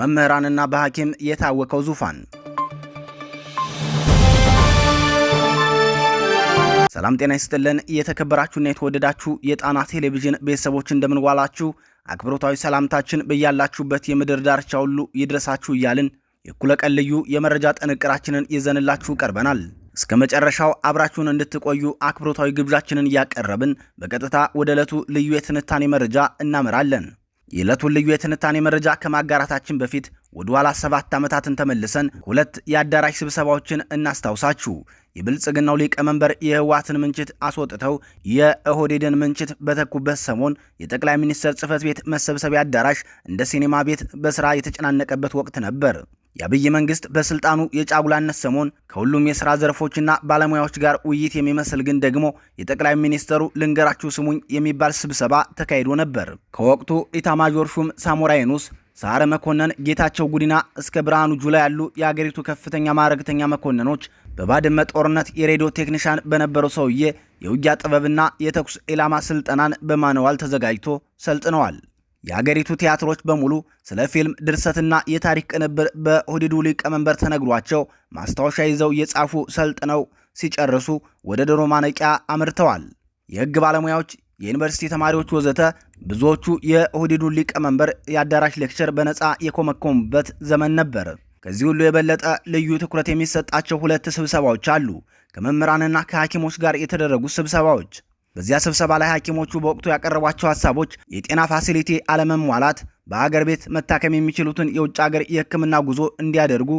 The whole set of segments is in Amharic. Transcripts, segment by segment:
በመምህራንና በሐኪም የታወቀው ዙፋን ሰላም ጤና ይስጥልን። እየተከበራችሁና የተወደዳችሁ የጣና ቴሌቪዥን ቤተሰቦች እንደምንዋላችሁ፣ አክብሮታዊ ሰላምታችን በያላችሁበት የምድር ዳርቻ ሁሉ ይድረሳችሁ እያልን የእኩለ ቀን ልዩ የመረጃ ጥንቅራችንን ይዘንላችሁ ቀርበናል። እስከ መጨረሻው አብራችሁን እንድትቆዩ አክብሮታዊ ግብዣችንን እያቀረብን በቀጥታ ወደ ዕለቱ ልዩ የትንታኔ መረጃ እናመራለን። የዕለቱን ልዩ የትንታኔ መረጃ ከማጋራታችን በፊት ወደ ኋላ ሰባት ዓመታትን ተመልሰን ሁለት የአዳራሽ ስብሰባዎችን እናስታውሳችሁ። የብልጽግናው ሊቀመንበር የህወሓትን ምንችት አስወጥተው የኦህዴድን ምንችት በተኩበት ሰሞን የጠቅላይ ሚኒስትር ጽህፈት ቤት መሰብሰቢያ አዳራሽ እንደ ሲኔማ ቤት በስራ የተጨናነቀበት ወቅት ነበር። የአብይ መንግስት በስልጣኑ የጫጉላነት ሰሞን ከሁሉም የሥራ ዘርፎችና ባለሙያዎች ጋር ውይይት የሚመስል ግን ደግሞ የጠቅላይ ሚኒስትሩ ልንገራችሁ ስሙኝ የሚባል ስብሰባ ተካሂዶ ነበር። ከወቅቱ ኢታማዦር ሹም ሳሞራ የኑስ፣ ሰዓረ መኮንን፣ ጌታቸው ጉዲና እስከ ብርሃኑ ጁላ ያሉ የአገሪቱ ከፍተኛ ማዕረግተኛ መኮንኖች በባድመ ጦርነት የሬዲዮ ቴክኒሻን በነበረው ሰውዬ የውጊያ ጥበብና የተኩስ ኢላማ ስልጠናን በማንዋል ተዘጋጅቶ ሰልጥነዋል። የአገሪቱ ቲያትሮች በሙሉ ስለ ፊልም ድርሰትና የታሪክ ቅንብር በሁድዱ ሊቀመንበር ተነግሯቸው ማስታወሻ ይዘው የጻፉ ሰልጥነው ሲጨርሱ ወደ ዶሮ ማነቂያ አምርተዋል። የህግ ባለሙያዎች፣ የዩኒቨርሲቲ ተማሪዎች ወዘተ ብዙዎቹ የሁድዱ ሊቀመንበር የአዳራሽ ሌክቸር በነፃ የኮመኮሙበት ዘመን ነበር። ከዚህ ሁሉ የበለጠ ልዩ ትኩረት የሚሰጣቸው ሁለት ስብሰባዎች አሉ። ከመምህራንና ከሐኪሞች ጋር የተደረጉ ስብሰባዎች በዚያ ስብሰባ ላይ ሐኪሞቹ በወቅቱ ያቀረቧቸው ሀሳቦች የጤና ፋሲሊቲ አለመሟላት በአገር ቤት መታከም የሚችሉትን የውጭ አገር የሕክምና ጉዞ እንዲያደርጉ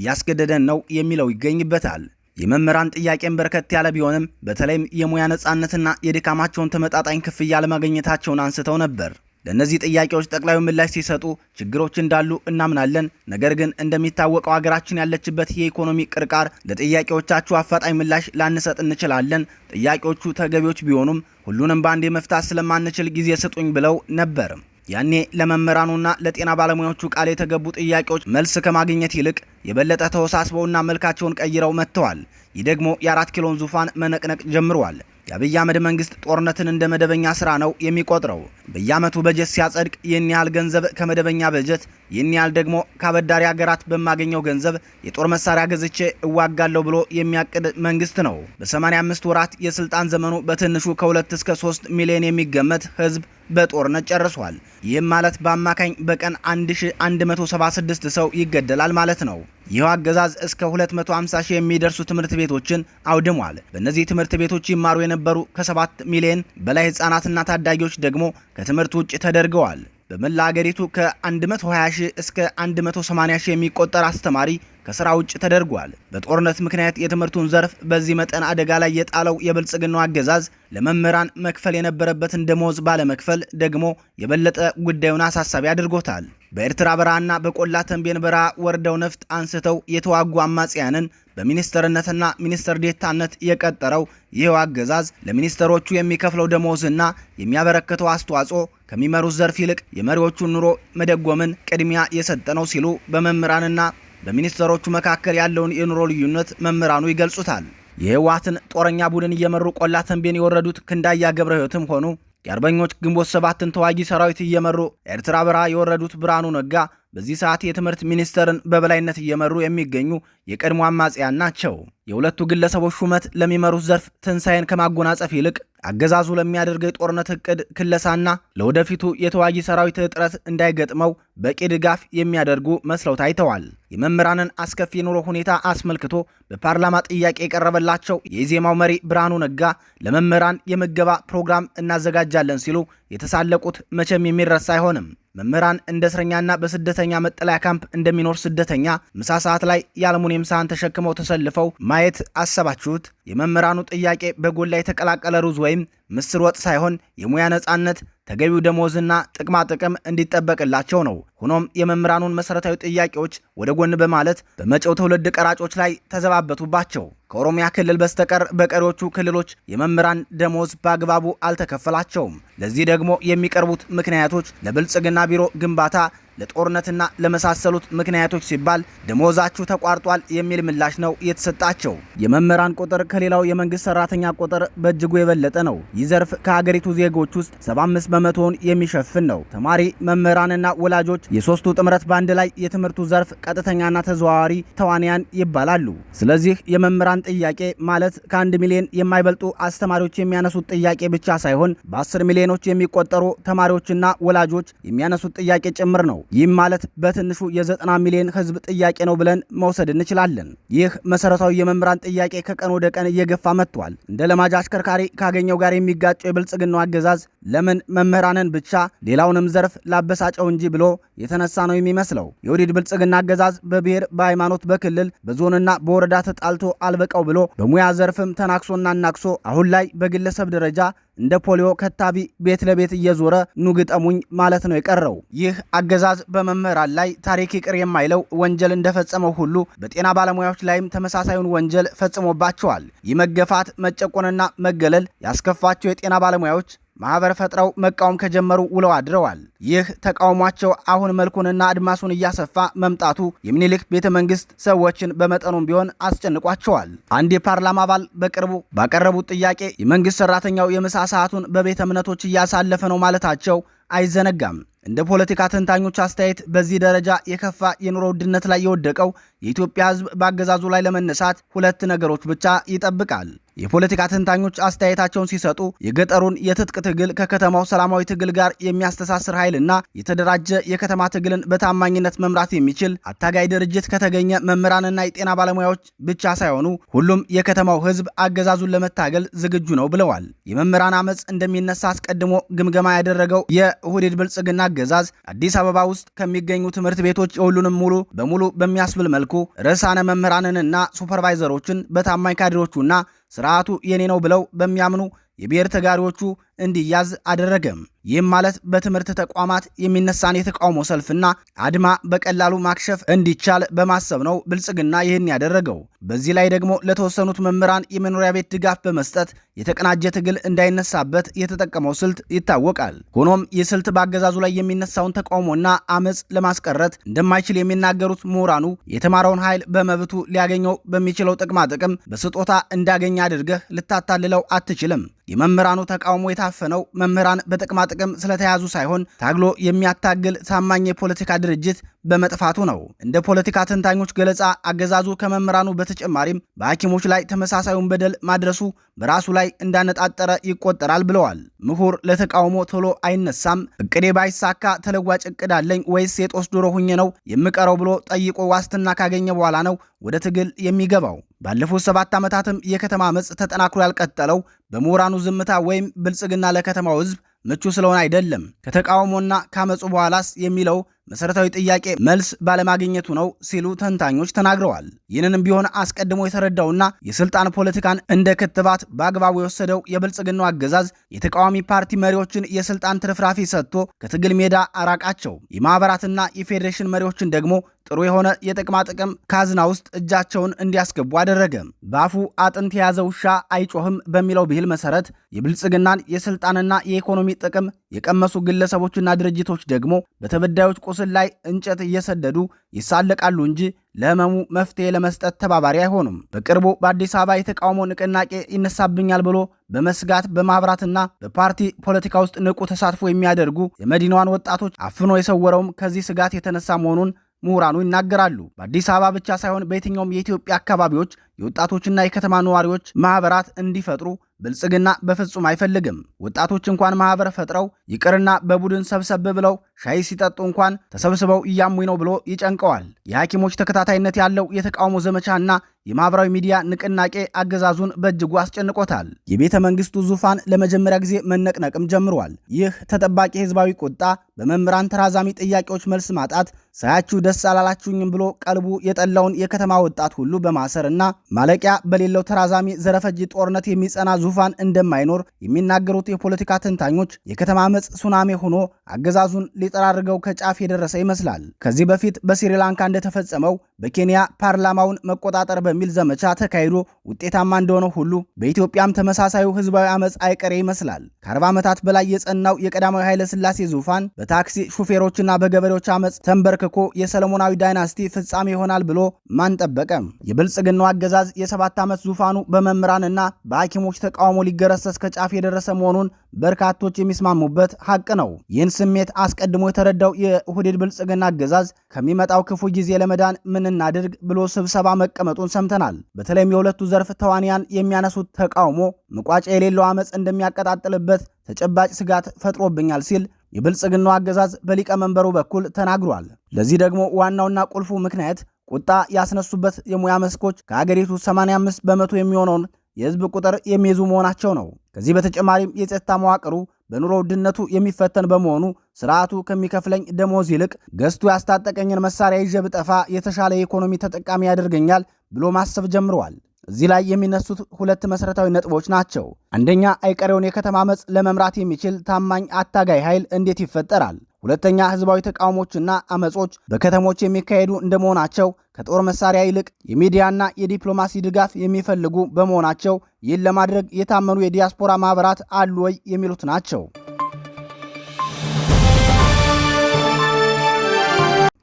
እያስገደደን ነው የሚለው ይገኝበታል። የመምህራን ጥያቄን በርከት ያለ ቢሆንም በተለይም የሙያ ነጻነትና የድካማቸውን ተመጣጣኝ ክፍያ ለማግኘታቸውን አንስተው ነበር። ለእነዚህ ጥያቄዎች ጠቅላዩ ምላሽ ሲሰጡ ችግሮች እንዳሉ እናምናለን። ነገር ግን እንደሚታወቀው ሀገራችን ያለችበት የኢኮኖሚ ቅርቃር ለጥያቄዎቻችሁ አፋጣኝ ምላሽ ላንሰጥ እንችላለን። ጥያቄዎቹ ተገቢዎች ቢሆኑም ሁሉንም በአንድ መፍታት ስለማንችል ጊዜ ስጡኝ ብለው ነበር። ያኔ ለመምህራኑና ለጤና ባለሙያዎቹ ቃል የተገቡ ጥያቄዎች መልስ ከማግኘት ይልቅ የበለጠ ተወሳስበውና መልካቸውን ቀይረው መጥተዋል። ይህ ደግሞ የአራት ኪሎን ዙፋን መነቅነቅ ጀምሯል። የአብይ አህመድ መንግስት ጦርነትን እንደ መደበኛ ስራ ነው የሚቆጥረው። በየአመቱ በጀት ሲያጸድቅ ይህን ያህል ገንዘብ ከመደበኛ በጀት፣ ይህን ያህል ደግሞ ከአበዳሪ ሀገራት በማገኘው ገንዘብ የጦር መሳሪያ ገዝቼ እዋጋለሁ ብሎ የሚያቅድ መንግስት ነው። በ85 ወራት የስልጣን ዘመኑ በትንሹ ከ2 እስከ 3 ሚሊዮን የሚገመት ህዝብ በጦርነት ጨርሷል። ይህም ማለት በአማካኝ በቀን 1176 ሰው ይገደላል ማለት ነው። ይህው አገዛዝ እስከ 250 ሺህ የሚደርሱ ትምህርት ቤቶችን አውድሟል። በእነዚህ ትምህርት ቤቶች ይማሩ የነበሩ ከ7 ሚሊዮን በላይ ህጻናትና ታዳጊዎች ደግሞ ከትምህርት ውጭ ተደርገዋል። በመላ አገሪቱ ከ120 ሺህ እስከ 180 ሺህ የሚቆጠር አስተማሪ ከስራ ውጭ ተደርጓል። በጦርነት ምክንያት የትምህርቱን ዘርፍ በዚህ መጠን አደጋ ላይ የጣለው የብልጽግናው አገዛዝ ለመምህራን መክፈል የነበረበትን ደሞዝ ባለመክፈል ደግሞ የበለጠ ጉዳዩን አሳሳቢ አድርጎታል። በኤርትራ በረሃና በቆላ ተንቤን በረሃ ወርደው ነፍጥ አንስተው የተዋጉ አማጽያንን በሚኒስተርነትና ሚኒስተር ዴታነት የቀጠረው ይህው አገዛዝ ለሚኒስተሮቹ የሚከፍለው ደሞዝና የሚያበረክተው አስተዋጽኦ ከሚመሩት ዘርፍ ይልቅ የመሪዎቹን ኑሮ መደጎምን ቅድሚያ የሰጠ ነው ሲሉ በመምህራንና በሚኒስተሮቹ መካከል ያለውን የኑሮ ልዩነት መምህራኑ ይገልጹታል። የህወሓትን ጦረኛ ቡድን እየመሩ ቆላ ተንቤን የወረዱት ክንዳያ ገብረ ህይወትም ሆኑ የአርበኞች ግንቦት ሰባትን ተዋጊ ሰራዊት እየመሩ ኤርትራ በረሃ የወረዱት ብርሃኑ ነጋ በዚህ ሰዓት የትምህርት ሚኒስቴርን በበላይነት እየመሩ የሚገኙ የቀድሞ አማጽያን ናቸው። የሁለቱ ግለሰቦች ሹመት ለሚመሩት ዘርፍ ትንሣኤን ከማጎናጸፍ ይልቅ አገዛዙ ለሚያደርገው የጦርነት እቅድ ክለሳና ለወደፊቱ የተዋጊ ሰራዊት እጥረት እንዳይገጥመው በቂ ድጋፍ የሚያደርጉ መስለው ታይተዋል። የመምህራንን አስከፊ የኑሮ ሁኔታ አስመልክቶ በፓርላማ ጥያቄ የቀረበላቸው የኢዜማው መሪ ብርሃኑ ነጋ ለመምህራን የምገባ ፕሮግራም እናዘጋጃለን ሲሉ የተሳለቁት መቼም የሚረሳ አይሆንም። መምህራን እንደ እስረኛና በስደተኛ መጠለያ ካምፕ እንደሚኖር ስደተኛ ምሳ ሰዓት ላይ የአልሙኒየም ሳህን ተሸክመው ተሰልፈው ማየት አሰባችሁት? የመምህራኑ ጥያቄ በጎላ የተቀላቀለ ሩዝ ወይም ምስር ወጥ ሳይሆን የሙያ ነጻነት፣ ተገቢው ደሞዝና ጥቅማ ጥቅም እንዲጠበቅላቸው ነው። ሆኖም የመምህራኑን መሠረታዊ ጥያቄዎች ወደ ጎን በማለት በመጪው ትውልድ ቀራጮች ላይ ተዘባበቱባቸው። ከኦሮሚያ ክልል በስተቀር በቀሪዎቹ ክልሎች የመምህራን ደሞዝ በአግባቡ አልተከፈላቸውም። ለዚህ ደግሞ የሚቀርቡት ምክንያቶች ለብልጽግና ቢሮ ግንባታ ለጦርነትና ለመሳሰሉት ምክንያቶች ሲባል ደሞዛችሁ ተቋርጧል የሚል ምላሽ ነው የተሰጣቸው። የመምህራን ቁጥር ከሌላው የመንግስት ሰራተኛ ቁጥር በእጅጉ የበለጠ ነው። ይህ ዘርፍ ከሀገሪቱ ዜጎች ውስጥ 75 በመቶውን የሚሸፍን ነው። ተማሪ፣ መምህራንና ወላጆች የሶስቱ ጥምረት ባንድ ላይ የትምህርቱ ዘርፍ ቀጥተኛና ተዘዋዋሪ ተዋንያን ይባላሉ። ስለዚህ የመምህራን ጥያቄ ማለት ከአንድ ሚሊዮን የማይበልጡ አስተማሪዎች የሚያነሱት ጥያቄ ብቻ ሳይሆን በአስር ሚሊዮኖች የሚቆጠሩ ተማሪዎችና ወላጆች የሚያነሱት ጥያቄ ጭምር ነው። ይህም ማለት በትንሹ የ90 ሚሊዮን ህዝብ ጥያቄ ነው ብለን መውሰድ እንችላለን። ይህ መሰረታዊ የመምህራን ጥያቄ ከቀን ወደ ቀን እየገፋ መጥቷል። እንደ ለማጅ አሽከርካሪ ካገኘው ጋር የሚጋጨው የብልጽግናው አገዛዝ ለምን መምህራንን ብቻ ሌላውንም ዘርፍ ላበሳጨው እንጂ ብሎ የተነሳ ነው የሚመስለው። የወዲድ ብልጽግና አገዛዝ በብሔር በሃይማኖት፣ በክልል በዞንና በወረዳ ተጣልቶ አልበቃው ብሎ በሙያ ዘርፍም ተናክሶና አናክሶ አሁን ላይ በግለሰብ ደረጃ እንደ ፖሊዮ ከታቢ ቤት ለቤት እየዞረ ኑግጠሙኝ ማለት ነው የቀረው ይህ አገዛዝ አገዛዝ በመምህራን ላይ ታሪክ ይቅር የማይለው ወንጀል እንደፈጸመው ሁሉ በጤና ባለሙያዎች ላይም ተመሳሳዩን ወንጀል ፈጽሞባቸዋል። ይህ መገፋት፣ መጨቆንና መገለል ያስከፋቸው የጤና ባለሙያዎች ማህበር ፈጥረው መቃወም ከጀመሩ ውለው አድረዋል። ይህ ተቃውሟቸው አሁን መልኩንና አድማሱን እያሰፋ መምጣቱ የሚኒሊክ ቤተ መንግስት ሰዎችን በመጠኑም ቢሆን አስጨንቋቸዋል። አንድ የፓርላማ አባል በቅርቡ ባቀረቡት ጥያቄ የመንግስት ሰራተኛው የምሳ ሰዓቱን በቤተ እምነቶች እያሳለፈ ነው ማለታቸው አይዘነጋም። እንደ ፖለቲካ ተንታኞች አስተያየት በዚህ ደረጃ የከፋ የኑሮ ውድነት ላይ የወደቀው የኢትዮጵያ ህዝብ በአገዛዙ ላይ ለመነሳት ሁለት ነገሮች ብቻ ይጠብቃል። የፖለቲካ ተንታኞች አስተያየታቸውን ሲሰጡ የገጠሩን የትጥቅ ትግል ከከተማው ሰላማዊ ትግል ጋር የሚያስተሳስር ኃይልና የተደራጀ የከተማ ትግልን በታማኝነት መምራት የሚችል አታጋይ ድርጅት ከተገኘ መምህራንና የጤና ባለሙያዎች ብቻ ሳይሆኑ ሁሉም የከተማው ህዝብ አገዛዙን ለመታገል ዝግጁ ነው ብለዋል። የመምህራን አመፅ እንደሚነሳ አስቀድሞ ግምገማ ያደረገው የሁዴድ ብልጽግና አገዛዝ አዲስ አበባ ውስጥ ከሚገኙ ትምህርት ቤቶች የሁሉንም ሙሉ በሙሉ በሚያስብል መልኩ መልኩ ርዕሳነ መምህራንንና ሱፐርቫይዘሮችን በታማኝ ካድሮቹና ስርዓቱ የኔ ነው ብለው በሚያምኑ የብሔር ተጋሪዎቹ እንዲያዝ አደረገም። ይህም ማለት በትምህርት ተቋማት የሚነሳን የተቃውሞ ሰልፍና አድማ በቀላሉ ማክሸፍ እንዲቻል በማሰብ ነው ብልጽግና ይህን ያደረገው። በዚህ ላይ ደግሞ ለተወሰኑት መምህራን የመኖሪያ ቤት ድጋፍ በመስጠት የተቀናጀ ትግል እንዳይነሳበት የተጠቀመው ስልት ይታወቃል። ሆኖም ይህ ስልት በአገዛዙ ላይ የሚነሳውን ተቃውሞና አመፅ ለማስቀረት እንደማይችል የሚናገሩት ምሁራኑ የተማረውን ኃይል በመብቱ ሊያገኘው በሚችለው ጥቅማ ጥቅም በስጦታ እንዳገኘ አድርገህ ልታታልለው አትችልም። የመምህራኑ ተቃውሞ የታፈነው መምህራን በጥቅማጥቅም ስለተያዙ ሳይሆን ታግሎ የሚያታግል ታማኝ የፖለቲካ ድርጅት በመጥፋቱ ነው። እንደ ፖለቲካ ተንታኞች ገለጻ አገዛዙ ከመምህራኑ በተጨማሪም በሐኪሞች ላይ ተመሳሳዩን በደል ማድረሱ በራሱ ላይ እንዳነጣጠረ ይቆጠራል ብለዋል። ምሁር ለተቃውሞ ቶሎ አይነሳም። እቅዴ ባይሳካ ተለዋጭ እቅድ አለኝ ወይስ የጦስ ዶሮ ሁኜ ነው የምቀረው ብሎ ጠይቆ ዋስትና ካገኘ በኋላ ነው ወደ ትግል የሚገባው። ባለፉት ሰባት ዓመታትም የከተማ አመፅ ተጠናክሮ ያልቀጠለው በምሁራኑ ዝምታ ወይም ብልጽግና ለከተማው ህዝብ ምቹ ስለሆነ አይደለም። ከተቃውሞና ከአመፁ በኋላስ የሚለው መሰረታዊ ጥያቄ መልስ ባለማግኘቱ ነው ሲሉ ተንታኞች ተናግረዋል። ይህንንም ቢሆን አስቀድሞ የተረዳውና የስልጣን ፖለቲካን እንደ ክትባት በአግባቡ የወሰደው የብልጽግናው አገዛዝ የተቃዋሚ ፓርቲ መሪዎችን የስልጣን ትርፍራፊ ሰጥቶ ከትግል ሜዳ አራቃቸው። የማህበራትና የፌዴሬሽን መሪዎችን ደግሞ ጥሩ የሆነ የጥቅማ ጥቅም ካዝና ውስጥ እጃቸውን እንዲያስገቡ አደረገ። በአፉ አጥንት የያዘ ውሻ አይጮህም በሚለው ብሂል መሰረት የብልጽግናን የስልጣንና የኢኮኖሚ ጥቅም የቀመሱ ግለሰቦችና ድርጅቶች ደግሞ በተበዳዮች ቁስል ላይ እንጨት እየሰደዱ ይሳለቃሉ እንጂ ለህመሙ መፍትሄ ለመስጠት ተባባሪ አይሆኑም። በቅርቡ በአዲስ አበባ የተቃውሞ ንቅናቄ ይነሳብኛል ብሎ በመስጋት በማብራትና በፓርቲ ፖለቲካ ውስጥ ንቁ ተሳትፎ የሚያደርጉ የመዲናዋን ወጣቶች አፍኖ የሰወረውም ከዚህ ስጋት የተነሳ መሆኑን ምሁራኑ ይናገራሉ። በአዲስ አበባ ብቻ ሳይሆን በየትኛውም የኢትዮጵያ አካባቢዎች የወጣቶችና የከተማ ነዋሪዎች ማህበራት እንዲፈጥሩ ብልጽግና በፍጹም አይፈልግም። ወጣቶች እንኳን ማህበር ፈጥረው ይቅርና በቡድን ሰብሰብ ብለው ሻይ ሲጠጡ እንኳን ተሰብስበው እያሙኝ ነው ብሎ ይጨንቀዋል። የሐኪሞች ተከታታይነት ያለው የተቃውሞ ዘመቻና የማኅበራዊ ሚዲያ ንቅናቄ አገዛዙን በእጅጉ አስጨንቆታል። የቤተ መንግስቱ ዙፋን ለመጀመሪያ ጊዜ መነቅነቅም ጀምሯል። ይህ ተጠባቂ ህዝባዊ ቁጣ በመምህራን ተራዛሚ ጥያቄዎች መልስ ማጣት ሳያችሁ ደስ አላላችሁኝም ብሎ ቀልቡ የጠላውን የከተማ ወጣት ሁሉ በማሰር እና ማለቂያ በሌለው ተራዛሚ ዘረፈጅ ጦርነት የሚጸና ዙፋን እንደማይኖር የሚናገሩት የፖለቲካ ተንታኞች የከተማ መጽ ሱናሜ ሆኖ አገዛዙን ሊጠራርገው ከጫፍ የደረሰ ይመስላል። ከዚህ በፊት በስሪላንካ እንደተፈጸመው በኬንያ ፓርላማውን መቆጣጠር በሚል ዘመቻ ተካሂዶ ውጤታማ እንደሆነ ሁሉ በኢትዮጵያም ተመሳሳዩ ህዝባዊ አመፅ አይቀሬ ይመስላል። ከ40 ዓመታት በላይ የጸናው የቀዳማዊ ኃይለ ስላሴ ዙፋን በታክሲ ሹፌሮችና በገበሬዎች አመፅ ተንበርክኮ የሰለሞናዊ ዳይናስቲ ፍጻሜ ይሆናል ብሎ ማን ጠበቀም? የብልጽግናው አገዛዝ የሰባት ዓመት ዙፋኑ በመምህራንና በሐኪሞች ተቃውሞ ሊገረሰስ ከጫፍ የደረሰ መሆኑን በርካቶች የሚስማሙበት ሀቅ ነው። ይህን ስሜት አስቀድሞ የተረዳው የሁዴድ ብልጽግና አገዛዝ ከሚመጣው ክፉ ጊዜ ለመዳን ምን እናድርግ ብሎ ስብሰባ መቀመጡን ሰምተናል። በተለይም የሁለቱ ዘርፍ ተዋንያን የሚያነሱት ተቃውሞ መቋጫ የሌለው አመፅ እንደሚያቀጣጥልበት ተጨባጭ ስጋት ፈጥሮብኛል ሲል የብልጽግናው አገዛዝ በሊቀመንበሩ በኩል ተናግሯል። ለዚህ ደግሞ ዋናውና ቁልፉ ምክንያት ቁጣ ያስነሱበት የሙያ መስኮች ከአገሪቱ 85 በመቶ የሚሆነውን የህዝብ ቁጥር የሚይዙ መሆናቸው ነው። ከዚህ በተጨማሪም የጸጥታ መዋቅሩ በኑሮ ውድነቱ የሚፈተን በመሆኑ ስርዓቱ ከሚከፍለኝ ደሞዝ ይልቅ ገዝቱ ያስታጠቀኝን መሳሪያ ይዤ ብጠፋ የተሻለ የኢኮኖሚ ተጠቃሚ ያደርገኛል ብሎ ማሰብ ጀምረዋል። እዚህ ላይ የሚነሱት ሁለት መሠረታዊ ነጥቦች ናቸው። አንደኛ አይቀሬውን የከተማ መጽ ለመምራት የሚችል ታማኝ አታጋይ ኃይል እንዴት ይፈጠራል? ሁለተኛ ህዝባዊ ተቃውሞችና አመጾች በከተሞች የሚካሄዱ እንደመሆናቸው ከጦር መሳሪያ ይልቅ የሚዲያና የዲፕሎማሲ ድጋፍ የሚፈልጉ በመሆናቸው ይህን ለማድረግ የታመኑ የዲያስፖራ ማህበራት አሉ ወይ የሚሉት ናቸው።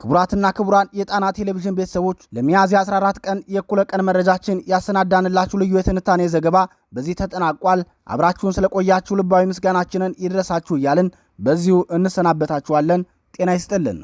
ክቡራትና ክቡራን የጣና ቴሌቪዥን ቤተሰቦች ለሚያዝያ 14 ቀን የእኩለ ቀን መረጃችን ያሰናዳንላችሁ ልዩ የትንታኔ ዘገባ በዚህ ተጠናቋል። አብራችሁን ስለቆያችሁ ልባዊ ምስጋናችንን ይድረሳችሁ እያልን በዚሁ እንሰናበታችኋለን። ጤና ይስጥልን።